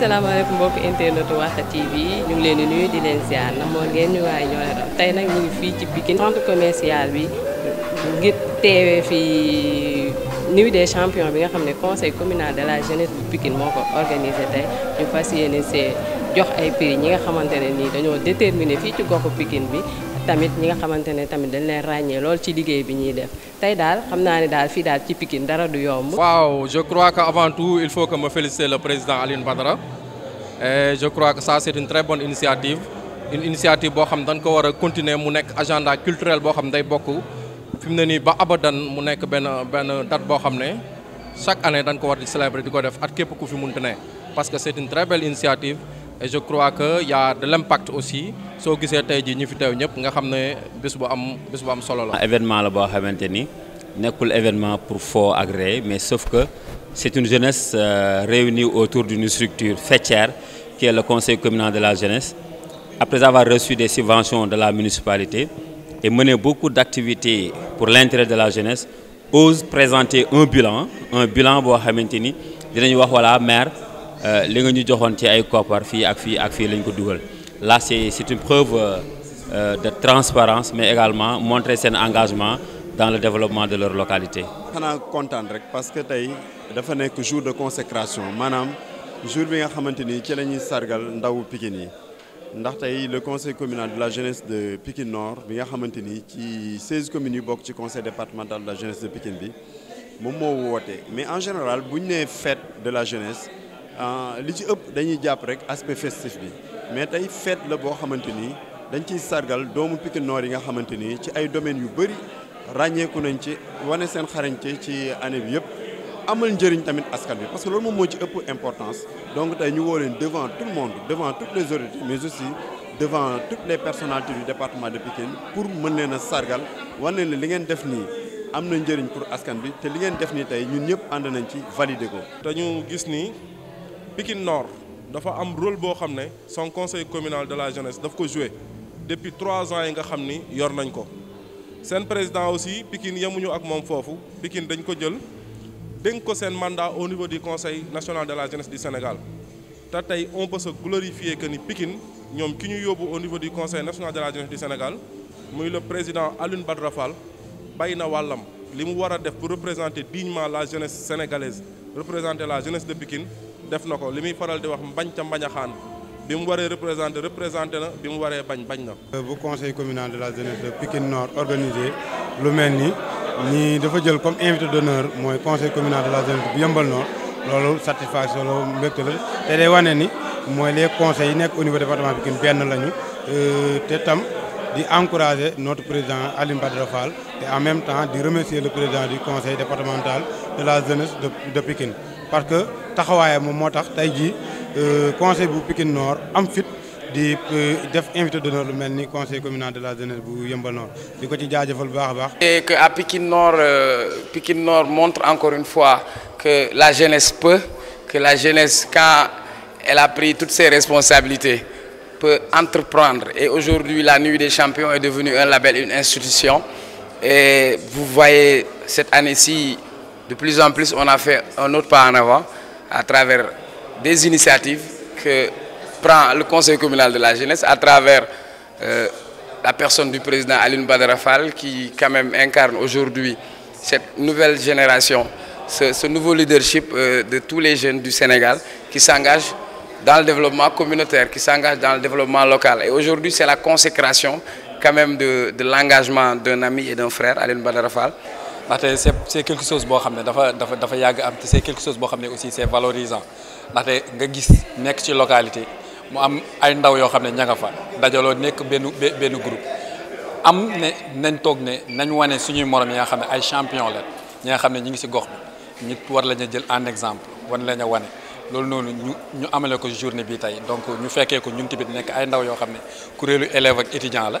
asalaamaaleykum mbokki internetu waxa TV ñu ngi leen di nuyu di leen ziar na moo ngeen ñu waaye ñoo leen tey nag ñu ngi fii ci Pikine centre commercial bi ngir teewee fii nuit des champions bi nga xam ne conseil communal de la jeunesse bu Pikine moo ko organisé tey ñu fas yéene see jox ay prix ñi nga xamante ne nii dañoo déterminé fii ci goxu Pikine bi tamit ñi nga xamante tamit dañ leen ràññee lool ci liggéey bi ñuy def tey daal xam naa ne daal fii daal ci Pikine dara du yomb. waaw je crois que avant tout il faut que ma féliciter le président Alioune Badara et je crois que ça c'est une très bonne initiative une initiative boo xam dañ ko war a continuer mu nekk agenda culturel boo xam day bokk fi mu ne nii ba abadan mu nekk benn benn date boo xam ne chaque année dañ ko war di célébrer di ko def at képp ku fi munti ne parce que c'est une très belle initiative et je crois que y a de l'impact aussi sur gisé ñi fi ñep nga xamné bu am bu am solo la. Ah, événement événement pour fort agré mais sauf que c'est une jeunesse euh, réunie autour d'une structure fêtière qui est le conseil communal de la jeunesse après avoir reçu des subventions de la municipalité et mené beaucoup d'activités pour l'intérêt de la jeunesse ose présenter un bilan un bilan bo xamanteni ni wax maire. Euh, li nga ñu joxoon ci ay koppar là c'est une preuve euh, euh, de transparence mais également montrer un engagement dans le développement de leur localité. Je suis content parce que c'est dafa jour de consécration Madame. jour bi nga de la sargal ndawu le conseil communal de la jeunesse de Pékin Nord bi est 16 communes du conseil départemental de la jeunesse de Pékin, bi mais en général bu ñu fête de la jeunesse. Ah, li ci ëpp dañuy jàpp rek aspect festif bi mais tay fête la boo xamante ni dañ ciy sargal doomu Pikine Nord yi nga xamante ni ci ay domaine yu bëri ràññeeku nañ ci wane seen xarañte ci année bi yëpp amal njëriñ tamit askan bi parce que loolu moom moo ci ëpp importance donc tay ñu woo leen devant tout le monde devant toutes les autorités mais aussi devant toutes les personnalités du département de Pikine pour mën leen a sargal wane leen li ngeen def nii am na njëriñ pour askan bi te li ngeen def nii tey ñun ñëpp ànd nañ ci valider ko. te ñu gis ni Pékin Nord dafa am rôle son conseil communal de la jeunesse daf ko depuis trois ans yi nga yor président aussi Pikine yemuñu ak Fofu, foofu Pikine dañ ko un mandat au niveau du conseil national de la jeunesse du Sénégal on peut se glorifier que ni qui est ki au niveau du conseil national de la jeunesse du Sénégal muy le président Alioune Badrafal, Fall bay pour représenter dignement la jeunesse sénégalaise représenter la jeunesse de Pikine def na ko faral di wax mbañ ca mbañ a xaan représenté représenté na bimu waré bagn bagn na. Euh, bu conseil communal de la jeunesse de Pikine Nord organisé lu melni ni dafa jël comme invité d'honneur moy conseil communal de la jeunesse de yëmbal Nord loolu satisfaction lo mbégte la te day wane ni moy les conseils nek au niveau département Pikine ben lañu euh, té tam. di encourager notre président Alim Badara Fall et en même temps di remercier le président du conseil départemental de la jeunesse de de Pikine parce que taxawaye mom motax tax euh, conseil bu Pikine Nord am fit di euh, def invité d'honneur lu conseil communal de la jeunesse bu yembal Nord diko ci bu baax baax. et que à Pikine Nord euh, Pikine Nord montre encore une fois que la jeunesse peut que la jeunesse quand elle a pris toutes ses responsabilités peut entreprendre et aujourd'hui la nuit des champions est devenue un label une institution et vous voyez cette année-ci de plus en plus, on a fait un autre pas en avant à travers des initiatives que prend le Conseil communal de la jeunesse, à travers euh, la personne du président Aline Badrafal, qui quand même incarne aujourd'hui cette nouvelle génération, ce, nouveau leadership euh, de tous les jeunes du Sénégal qui s'engagent dans le développement communautaire, qui s'engagent dans le développement local. Et aujourd'hui, c'est la consécration quand même de, l'engagement d'un ami et d'un frère, Aline Badarafal, ndaxte c'est c'est quelque chose bo xamné dafa dafa dafa yàgg am c'est quelque chose bo xamné aussi c'est valorisant ndaxte nga gis nek ci localité mu am ay ndaw yo xamné ñanga fa dajalo nek ben ben groupe am ne nañ tok ne nañ wané suñuy morom ya xamné ay champion la ñi nga xam ne ngi ci gox bi war lañu jël en exemple wan lañu wané lolu loolu ñu ñu amale ko journée bi tay donc ñu féké ko ñun tamit nek ay ndaw yo xamné ne élève ak étudiant la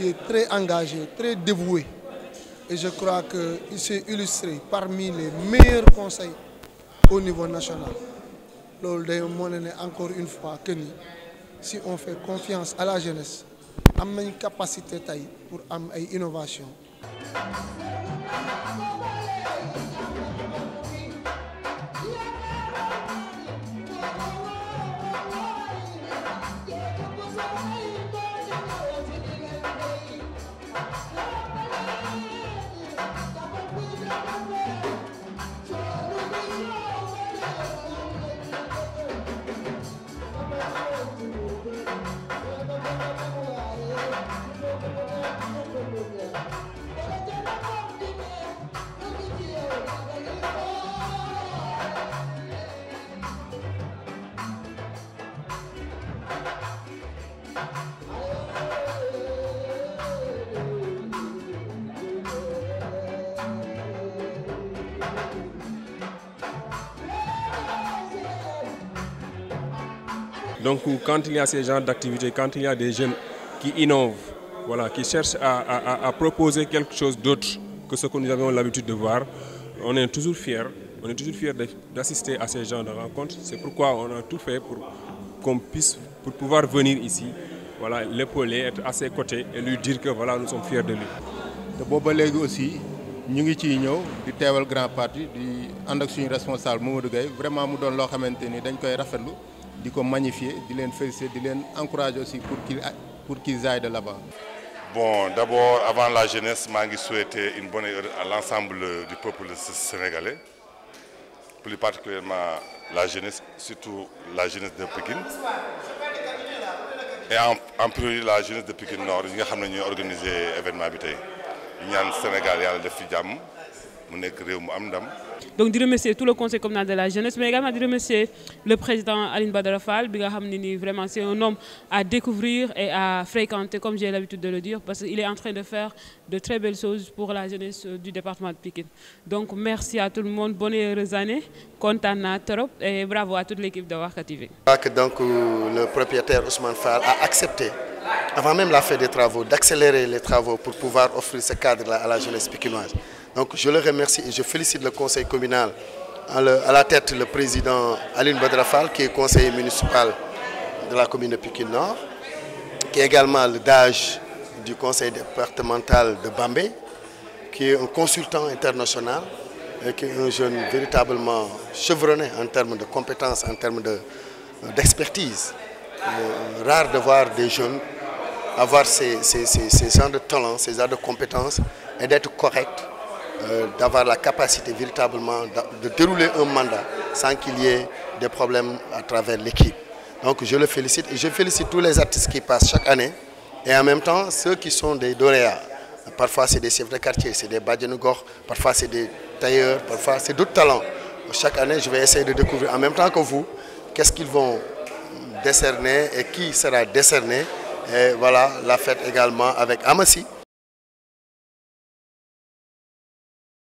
qui est très engagé, très dévoué. Et je crois qu'il s'est illustré parmi les meilleurs conseils au niveau national. Encore une fois, que si on fait confiance à la jeunesse, on a une capacité pour une innovation. Donc quand il y a ces genres d'activités, quand il y a des jeunes qui innovent, voilà, qui cherchent à, proposer quelque chose d'autre que ce que nous avons l'habitude de voir, on est toujours fiers. On est toujours fiers d'assister à ces genres de rencontres. C'est pourquoi on a tout fait pour qu'on puisse pour pouvoir venir ici, voilà, l'épauler, être à ses côtés et lui dire que voilà, nous sommes fiers de lui. De bobo aussi ñu ngi ciy grand parti di responsable Mamadou Gaye. vraiment mu doon loo xamante dañ koy de les magnifier de les féliciter de les encourager aussi pour qu'ils pour aillent de là-bas. Bon, d'abord, avant la jeunesse, je souhaitais une bonne heure à l'ensemble du peuple sénégalais, plus particulièrement la jeunesse, surtout la jeunesse de Pékin. Et en, en priorité, la jeunesse de Pékin Nord, nous avons organisé l'événement habité. Nous un Sénégal, nous avons fait des donc je remercier tout le conseil communal de la jeunesse mais également dire Monsieur le président Aline Badara Fall bi vraiment c'est un homme à découvrir et à fréquenter comme j'ai l'habitude de le dire parce qu'il est en train de faire de très belles choses pour la jeunesse euh, du département de Pikine donc merci à tout le monde bonne et heureuse année et bravo à toute l'équipe de Je crois que donc euh, le propriétaire Ousmane Fall a accepté avant même la fin des travaux d'accélérer les travaux pour pouvoir offrir ce cadre-là à la jeunesse piquinoise. Donc je le remercie et je félicite le conseil communal, à la tête le président Aline Badrafal, qui est conseiller municipal de la commune de piquine Nord, qui est également le DAGE du conseil départemental de Bambé, qui est un consultant international, et qui est un jeune véritablement chevronné en termes de compétences, en termes d'expertise. rare de voir des jeunes avoir ces, ces, ces gens de talent, ces gens de compétences et d'être corrects euh, d'avoir la capacité véritablement de, dérouler un mandat sans qu'il y ait des problèmes à travers l'équipe. Donc je le félicite et je félicite tous les artistes qui passent chaque année et en même temps ceux qui sont des doréas. Parfois c'est des chefs de quartier, c'est des Badjanugor, parfois c'est des tailleurs, parfois c'est d'autres talents. Chaque année je vais essayer de découvrir en même temps que vous qu'est-ce qu'ils vont décerner et qui sera décerné. Et voilà la fête également avec Amassi.